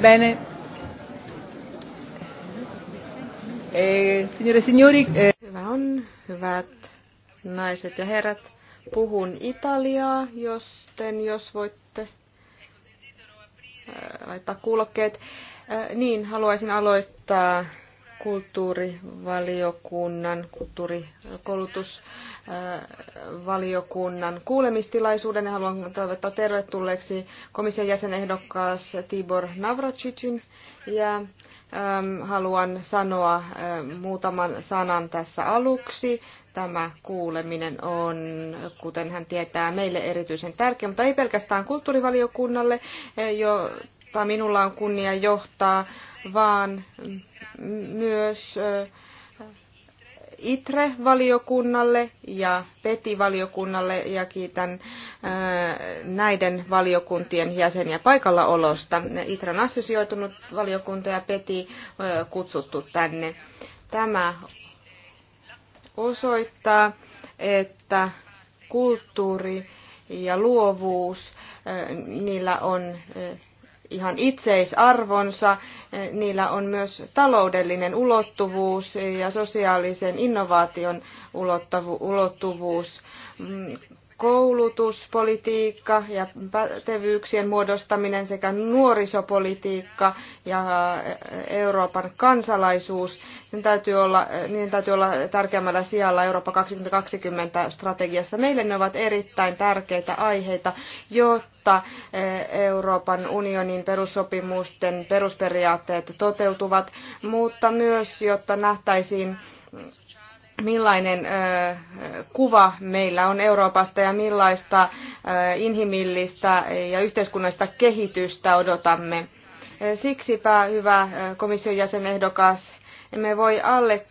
Bene. Eh, signore, e signori. Eh, Hyvä on, hyvät naiset ja herrat. Puhun italiaa, josten jos voitte eh, laittaa kuulokkeet. Eh, niin, haluaisin aloittaa kulttuurivaliokunnan, kulttuurikoulutusvaliokunnan kuulemistilaisuuden ja haluan toivottaa tervetulleeksi komission jäsenehdokkaas Tibor Navracicin ja ähm, haluan sanoa ähm, muutaman sanan tässä aluksi. Tämä kuuleminen on, kuten hän tietää, meille erityisen tärkeä, mutta ei pelkästään kulttuurivaliokunnalle, äh, jota minulla on kunnia johtaa, vaan myös ITRE-valiokunnalle ja PETI-valiokunnalle ja kiitän näiden valiokuntien jäseniä paikallaolosta. ITREn assosioitunut valiokunta ja PETI kutsuttu tänne. Tämä osoittaa, että kulttuuri ja luovuus, niillä on ihan itseisarvonsa. Niillä on myös taloudellinen ulottuvuus ja sosiaalisen innovaation ulottuvuus. Mm, koulutuspolitiikka ja pätevyyksien muodostaminen sekä nuorisopolitiikka ja Euroopan kansalaisuus, sen täytyy olla, niin täytyy olla tärkeämmällä sijalla Eurooppa 2020 strategiassa. Meille ne ovat erittäin tärkeitä aiheita, jotta Euroopan unionin perussopimusten perusperiaatteet toteutuvat, mutta myös jotta nähtäisiin millainen kuva meillä on Euroopasta ja millaista inhimillistä ja yhteiskunnallista kehitystä odotamme. Siksipä, hyvä komission jäsenehdokas, emme voi alle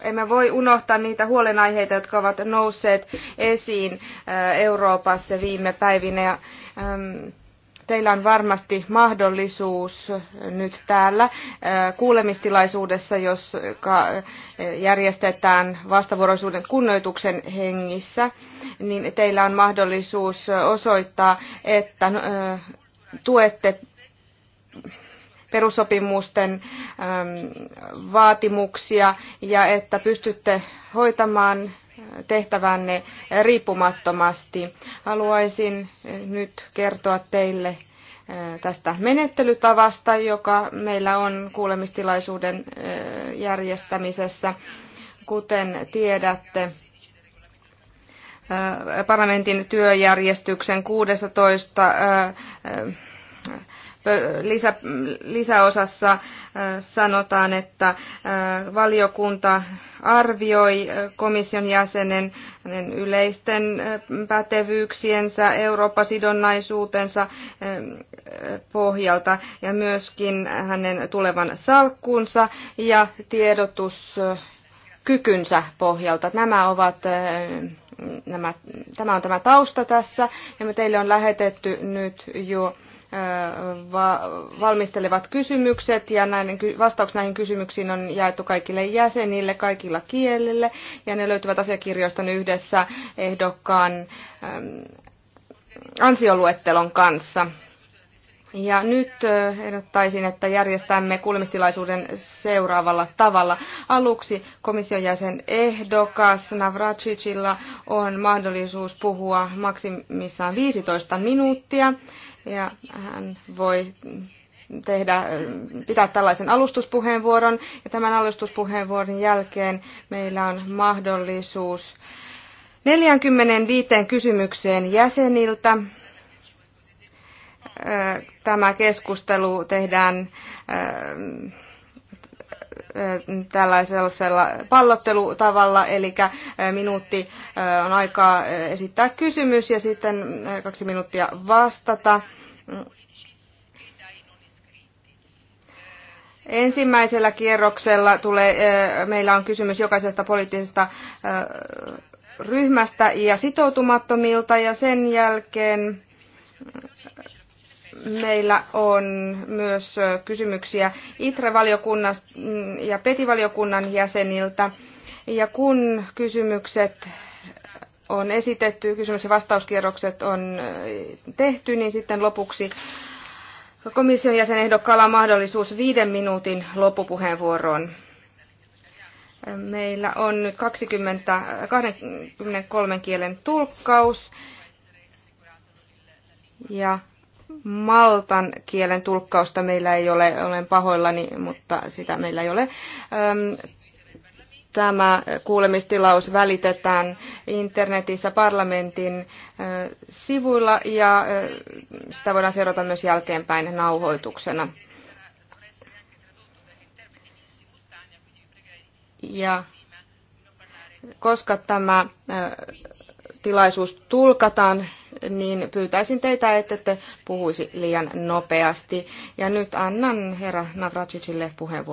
emme voi unohtaa niitä huolenaiheita, jotka ovat nousseet esiin Euroopassa viime päivinä teillä on varmasti mahdollisuus nyt täällä äh, kuulemistilaisuudessa, jos äh, järjestetään vastavuoroisuuden kunnioituksen hengissä, niin teillä on mahdollisuus osoittaa, että äh, tuette perussopimusten ähm, vaatimuksia ja että pystytte hoitamaan tehtävänne riippumattomasti. Haluaisin eh, nyt kertoa teille eh, tästä menettelytavasta, joka meillä on kuulemistilaisuuden eh, järjestämisessä. Kuten tiedätte, parlamentin työjärjestyksen 16 lisä, lisäosassa sanotaan, että valiokunta arvioi komission jäsenen yleisten pätevyyksiensä, Eurooppa-sidonnaisuutensa pohjalta ja myöskin hänen tulevan salkkunsa ja tiedotuskykynsä pohjalta. Nämä ovat nämä, tämä on tämä tausta tässä ja teille on lähetetty nyt jo valmistelevat kysymykset ja näiden, vastaukset näihin kysymyksiin on jaettu kaikille jäsenille kaikilla kielillä ja ne löytyvät asiakirjoista yhdessä ehdokkaan ansioluettelon kanssa. Ja nyt ehdottaisin, että järjestämme kuulemistilaisuuden seuraavalla tavalla. Aluksi komission jäsen ehdokas Navracicilla on mahdollisuus puhua maksimissaan 15 minuuttia. Ja hän voi tehdä, pitää tällaisen alustuspuheenvuoron. Ja tämän alustuspuheenvuoron jälkeen meillä on mahdollisuus 45 kysymykseen jäseniltä tämä keskustelu tehdään äh, äh, tällaisella pallottelutavalla, eli äh, minuutti on aikaa esittää kysymys ja sitten kaksi minuuttia vastata. Ensimmäisellä kierroksella tulee, meillä on kysymys jokaisesta poliittisesta ryhmästä ja sitoutumattomilta ja sen jälkeen meillä on myös kysymyksiä ITRE-valiokunnan mm, ja PETI-valiokunnan jäseniltä. Ja kun kysymykset on esitetty, kysymys- ja vastauskierrokset on tehty, niin sitten lopuksi komission jäsenehdokkaalla on mahdollisuus viiden minuutin loppupuheenvuoroon. Meillä on nyt 20, 23 kielen tulkkaus ja maltan kielen tulkkausta meillä ei ole, olen pahoillani, mutta sitä meillä ei ole. Tämä kuulemistilaus välitetään internetissä parlamentin sivuilla ja sitä voidaan seurata myös jälkeenpäin nauhoituksena. Ja koska tämä tilaisuus tulkataan niin pyytäisin teitä, että te puhuisi liian nopeasti. Ja nyt annan herra Navracicille puheenvuoron.